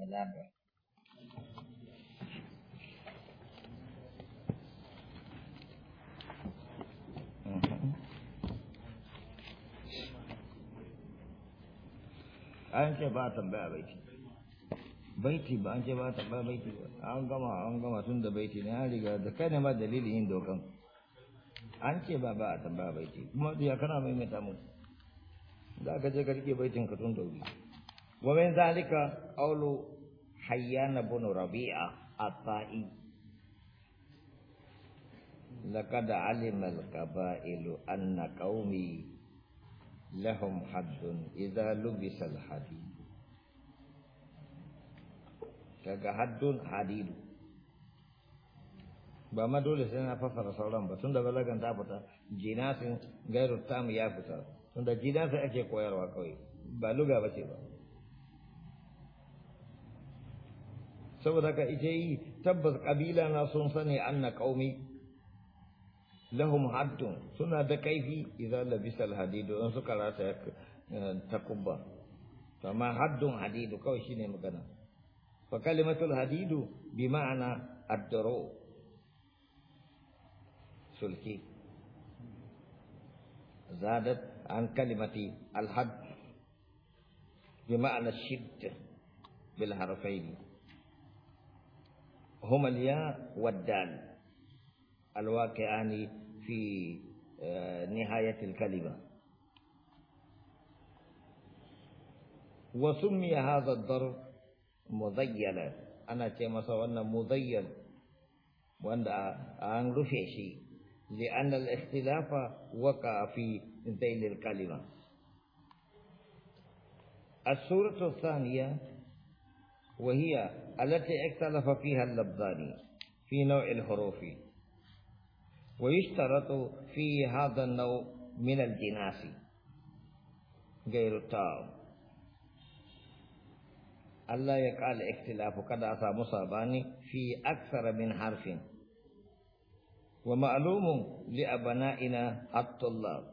Remember. Mm-hmm. an ce ba tambaya baiti baiti ba an ce ba tambaya baiti ba an gama an gama tun da baiti ne an riga da kai ne ma dalilin yin dokan an ce ba ba a tambaya baiti kuma ya kana maimaita mu za ka je ka rike baitin ka tun da wuri ومن ذلك قول حيان بن ربيعة الطائي لقد علم القبائل أن قومي لهم حد إذا لبس الحديد كك حد حديد بما دول سنة فصل صلى الله عليه وسلم بلغ أن تابت جناس غير التام يابت سنة جناس أكي قوير وكوي بلغ بسيبه saboda ka ita yi tabbas kabila na sun sani anna qaumi lahum haddun suna da kaifi idan labisa alhadidu in suka rata takubba amma haddun hadidu kawai shine magana fa kalimatul hadidu bi ma'ana ad-duru sulki zadat an kalimati al-hadd bi ma'ana shidd bil harfaini هما الياء والدال الواقعان في آه، نهاية الكلمة وسمي هذا الضرب مذيلا أنا كما سوانا مذيل وأن أن رفع شيء لأن الاختلاف وقع في ذيل الكلمة السورة الثانية وهي التي اختلف فيها اللبداني في نوع الحروف ويشترط في هذا النوع من الجناس غير التام الله يقال اختلاف قد أتى مصاباني في أكثر من حرف ومعلوم لأبنائنا الطلاب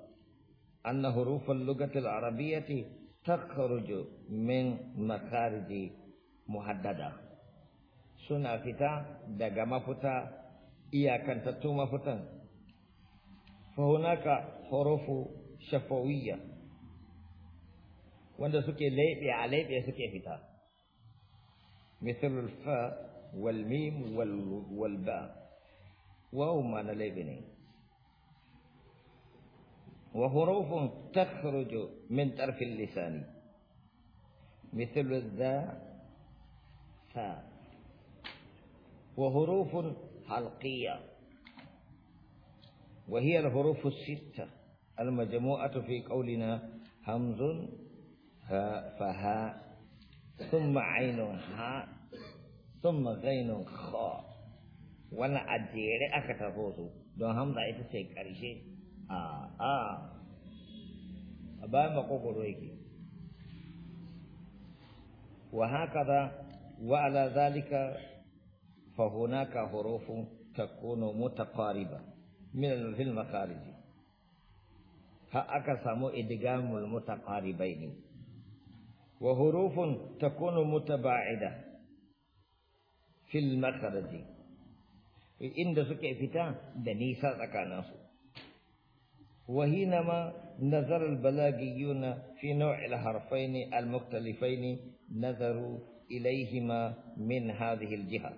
أن حروف اللغة العربية تخرج من مخارج muhaddada suna fita daga mafuta iyakantattu mafutan fa hunaka hurufu shafawiyya wanda suke laibe a laibe suke fita misalul fa wal mim wal wal ba waw ma na laibe ne wa hurufun takhruju min tarfi lisani مثل الذا وحروف حلقية وهي الحروف الستة المجموعة في قولنا همز ها فها ثم عين ها ثم غين خا وانا اجير اكتفوز دون همزة اتسيك اريشي آه آه أبا ما قوكو رويكي وهكذا وعلى ذلك فهناك حروف تكون متقاربة من في المخارج فأقسم إدغام المتقاربين وحروف تكون متباعدة في المخرج إن سكي فتا دنيسا تكانسو وحينما نظر البلاغيون في نوع الحرفين المختلفين نظروا إليهما من هذه الجهة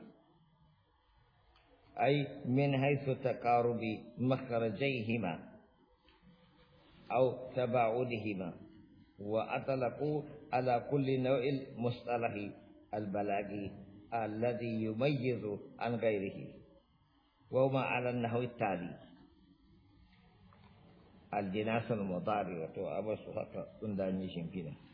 أي من حيث تقارب مخرجيهما أو تباعدهما وأطلقوا على كل نوع المصطلح البلاغي الذي يميز عن غيره وهما على النحو التالي الجناس المضاربة أبو هكذا عند المشين كده